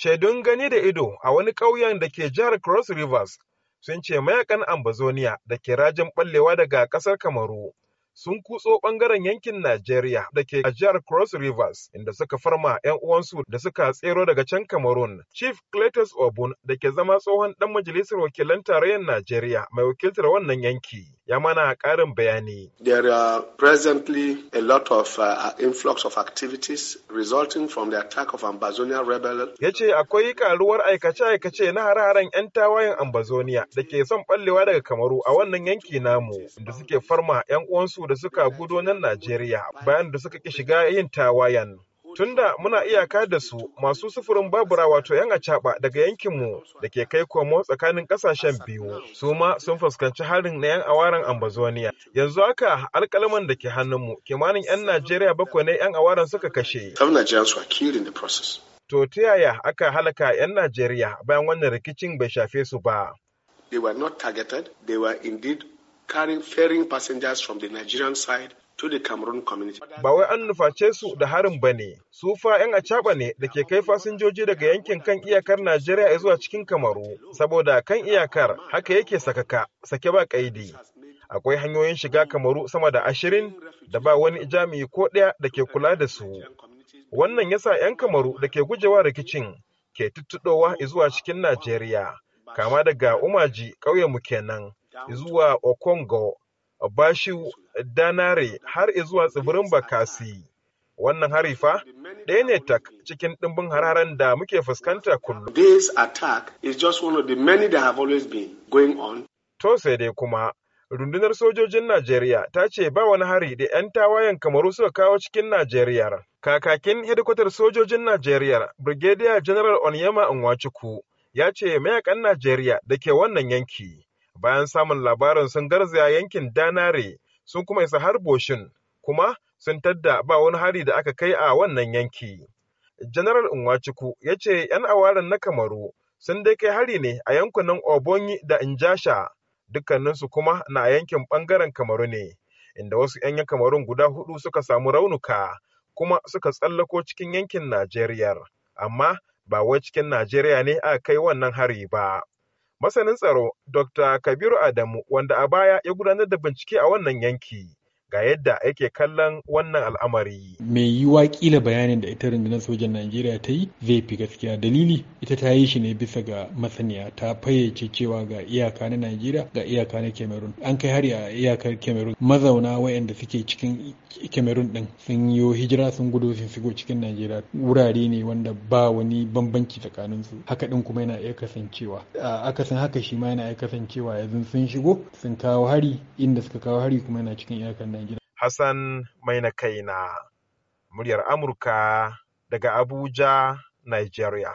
Shaidun gani da ido a wani ƙauyen da ke jihar Cross Rivers sun ce mayakan Ambazonia da ke rajin ɓallewa daga ƙasar Kamaru sun kutso bangaren yankin Najeriya da ke a jihar Cross Rivers inda suka farma 'yan uwansu da suka tsero daga can Cameroon. Chief Cletus Obun da ke zama tsohon dan majalisar wakilan tarayyar Najeriya mai wakiltar wannan yanki. ya mana karin bayani. There are presently a lot of uh, influx of activities resulting from the attack of Ambazonia rebel. Ya ce akwai karuwar aikace-aikace na hare-haren 'yan tawayen Ambazonia da ke son ɓallewa daga Kamaru a wannan yanki namu inda suke farma 'yan uwansu da suka gudo nan Najeriya bayan da suka ki shiga yin tawayan. Tunda muna iyaka da su masu sufurin babura wato yan acaba daga yankinmu da ke kai komo tsakanin kasashen biyu su ma sun fuskanci harin na yan awaran ambazoniya yanzu haka alkalaman da ke hannunmu kimanin yan najeriya bakwai ne yan awaran suka kashe to ta yaya aka halaka yan najeriya bayan wannan rikicin bai shafe su ba They were not targeted, they were indeed carrying ferrying passengers from the Nigerian side to the Cameroon community. Ba wai an nuface su da harin ba ne, su fa 'yan acaba ne da ke kai fasinjoji daga yankin kan iyakar Najeriya zuwa cikin Kamaru, saboda kan iyakar haka yake sakaka, sake ba kaidi. Akwai hanyoyin shiga Kamaru sama da ashirin da ba wani jami'i ko ɗaya da ke kula da su. Wannan ya sa 'yan Kamaru da ke gujewa rikicin ke tuttuɗowa zuwa cikin Najeriya, kama daga Umaji ƙauyenmu kenan. zuwa Okongo, bashi Danare har zuwa tsibirin Bakasi. Wannan harifa ɗaya ne tak cikin ɗimbin hararen da muke fuskanta kullum. This attack is just one of the many that have always been going on. To sai dai kuma rundunar sojojin Najeriya ta ce ba wani hari da 'yan tawayen kamaru suka kawo cikin Najeriya. Kakakin hedikwatar sojojin Najeriya, Brigadier General Onyema Nwachukwu, ya ce mayakan Najeriya da ke wannan yanki bayan samun labarin sun garzaya yankin danare sun kuma isa har boshin kuma sun tadda ba wani hari da aka kai a wannan yanki general Nwachukwu ya ce 'yan awarin na kamaru sun dai kai hari ne a yankunan obonyi da injasha dukkaninsu kuma na yankin ɓangaren kamaru ne inda wasu 'yan kamarun guda hudu suka samu raunuka kuma suka tsallako cikin yankin najeriya amma ba wai cikin najeriya ne a kai wannan hari ba masanin tsaro Dr. Kabiru Adamu wanda a baya ya gudanar da bincike a wannan yanki. ga yadda yake kallon wannan al'amari. Mai yiwa kila bayanin da ita rundunar sojan Najeriya ta yi zai fi gaskiya dalili ita ta yi shi ne bisa ga masaniya ta fayyace cewa ga iyaka na Najeriya ga iyaka na Cameroon. An kai hari a iyakar Cameroon mazauna wayanda suke cikin Cameroon din sun yi hijira sun gudu sun shigo cikin Najeriya wurare ne wanda ba wani bambanci tsakanin su. Haka din kuma yana iya kasancewa. Akasin haka shi ma yana iya kasancewa yanzu sun shigo sun kawo hari inda suka kawo hari kuma yana cikin iyakar Hassan mai na na muryar Amurka daga Abuja, Nigeria.